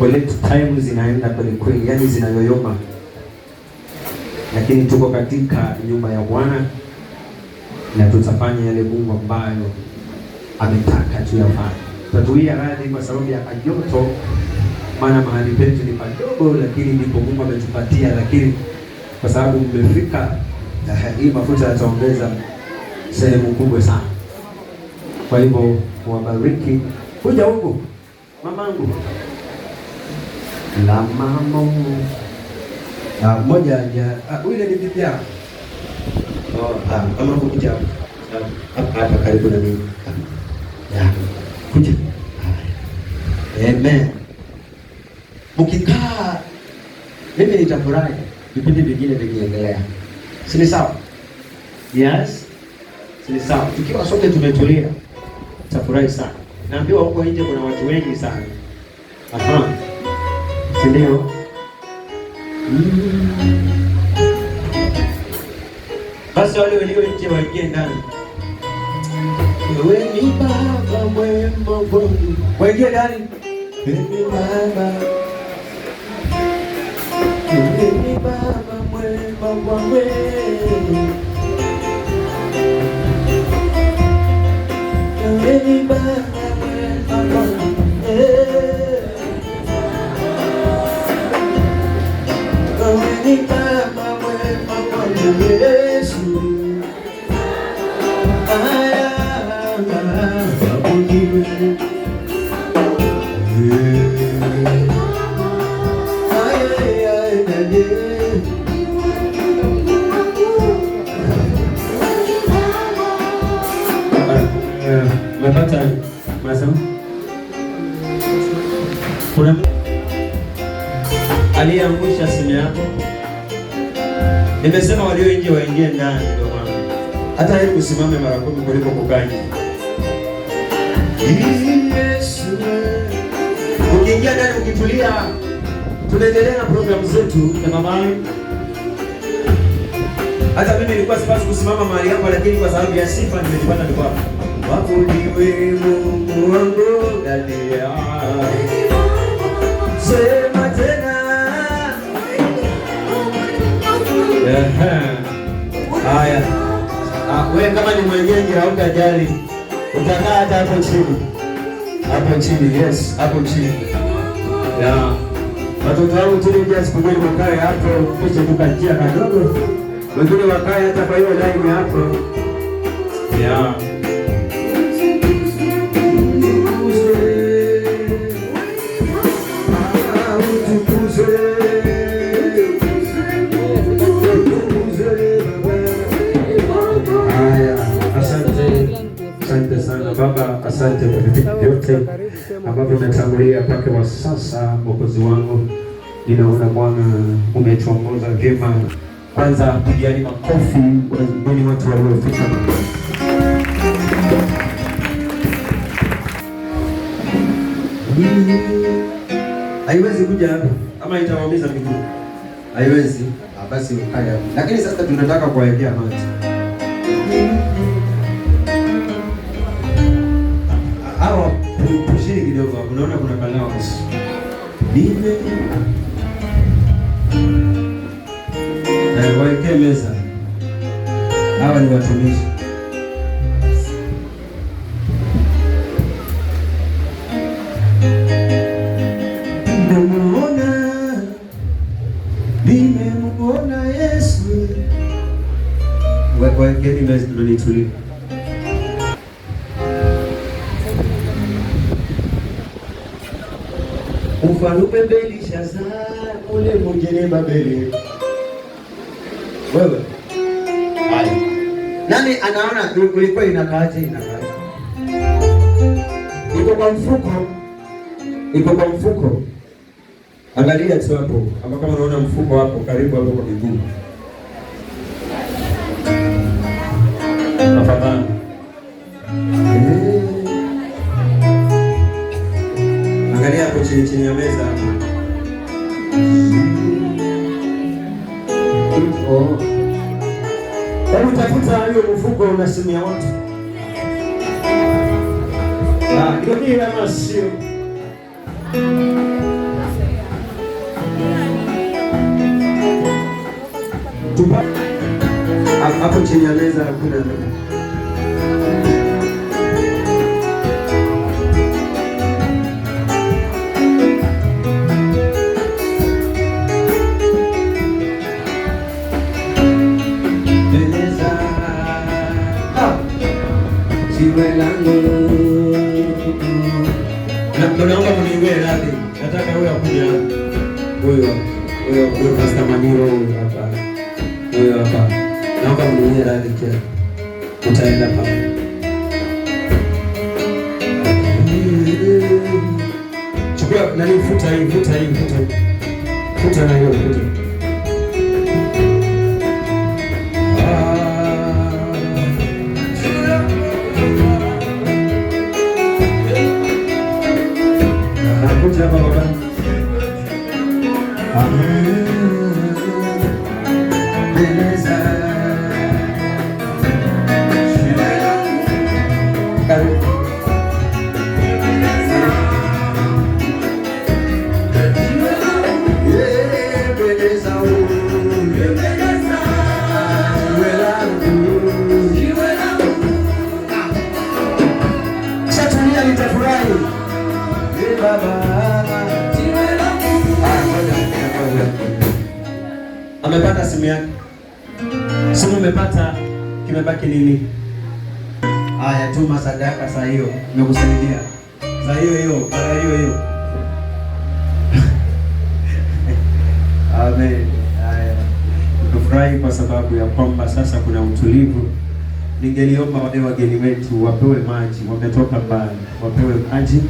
Bullet time zinaenda kweli kweli, yani zinayoyoma, lakini tuko katika nyumba ya Bwana na tutafanya yale Mungu ambayo ametaka tuyafanye. Tatuia radhi kwa sababu ya kajoto, maana mahali petu ni padogo, lakini ndipo Mungu ametupatia. Lakini kwa sababu mmefika, eh, hii mafuta yataongeza sehemu kubwa sana. Kwa hivyo wabariki. Kuja huku mamangu la mama ah, moja ya ah, yule ni bibi yako kama oh, ah, kuja hapa karibu na mimi kuja. Amen. Ukikaa mimi nitafurahi vipindi vingine vikiendelea, si ni sawa? Yes, si ni sawa? Tukiwa sote tumetulia, tafurahi sana. Naambiwa huko nje kuna watu wengi sana. Aha. xin lưu đi Video Maswali ulioitia wageni wewe ni ba mwema wangu. Wengine nani? Wewe baba. ba và baba mwema wangu. Wewe ni ba Aliyeangusha simu yako Nimesema walio nje waingie ndani, ndio maana hata hebu usimame mara kumi kuliko kukaa ukiingia ndani, ukitulia, tunaendelea na programu zetu na mama. Hata mimi nilikuwa sipaswi kusimama mahali yako lakini kwa sababu ya sifa nimejipata. Ndiko hapo Mungu wangu, dadi mingi, hautajali utakaa hata hapo chini, hapo chini. Yes, hapo chini yeah. Watoto wangu tulija siku moja wakae hapo, kisha tukajia kadogo, wengine wakae hata kwa hiyo laini hapo yeah. Utukuze, utukuze asante kwa vipindi vyote ambavyo umetangulia mpaka wa sasa. Mwokozi wangu, ninaona Bwana umetuongoza vyema. Kwanza pigani makofi wazigeni watu waliofika haiwezi kuja hapa ama itawaumiza miguu, haiwezi ah, basi ukaya. Lakini sasa tunataka kuwaekea maji kidogo, unaona kuna nime meza. Hawa ni watumishi Yesu, waeke Mfano umebelisha shaza ule mjini Babeli. Wewe Hai. nani anaona kulikuwa inakaaje? Inakaaje? iko kwa mfuko, iko kwa mfuko. Angalia tu hapo, ama kama unaona mfuko hapo karibu hapo kwa miguu, tafadhali. chini chini ya meza hapo. Oh. Hebu tafuta hiyo mfuko unasimia wote. Ah, ndio Hapo chini ya meza hakuna kuja huyo huyo huyo Pastor Manyiro huyo hapa huyo hapa, naomba mnuie radhi kia, utaenda pale chukua nani, futa hii futa hii futa futa na hiyo futa ah. Baba. Yeah. Amepata simu yake, simu imepata, kimebaki nini? aya tuma sadaka saa hiyo, nimekusaidia saa hiyo hiyo, baada hiyo hiyo. Amen. Haya, kwa sababu ya kwamba sasa kuna utulivu. Ningeliomba wale wageni wetu wapewe maji, wametoka mbali, wapewe maji,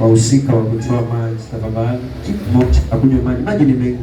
wahusika wa kutoa maji tafadhali, akunywe maji, maji ni mengi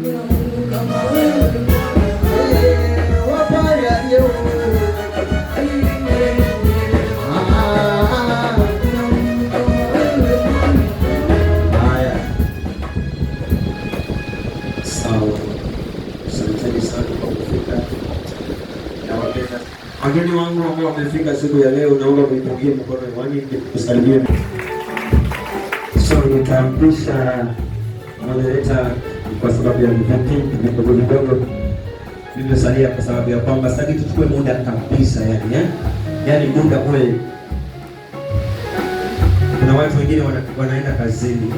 Wageni wangu ambao wamefika siku ya leo, naomba mnipungie mkono hewani kusalimia. So nitampisha moderator kwa sababu ya mvuki vidogo vidogo vimesalia, kwa sababu ya kwamba sasa tuchukue muda kabisa, yani eh, yani muda ule, kuna watu wengine wanaenda kazini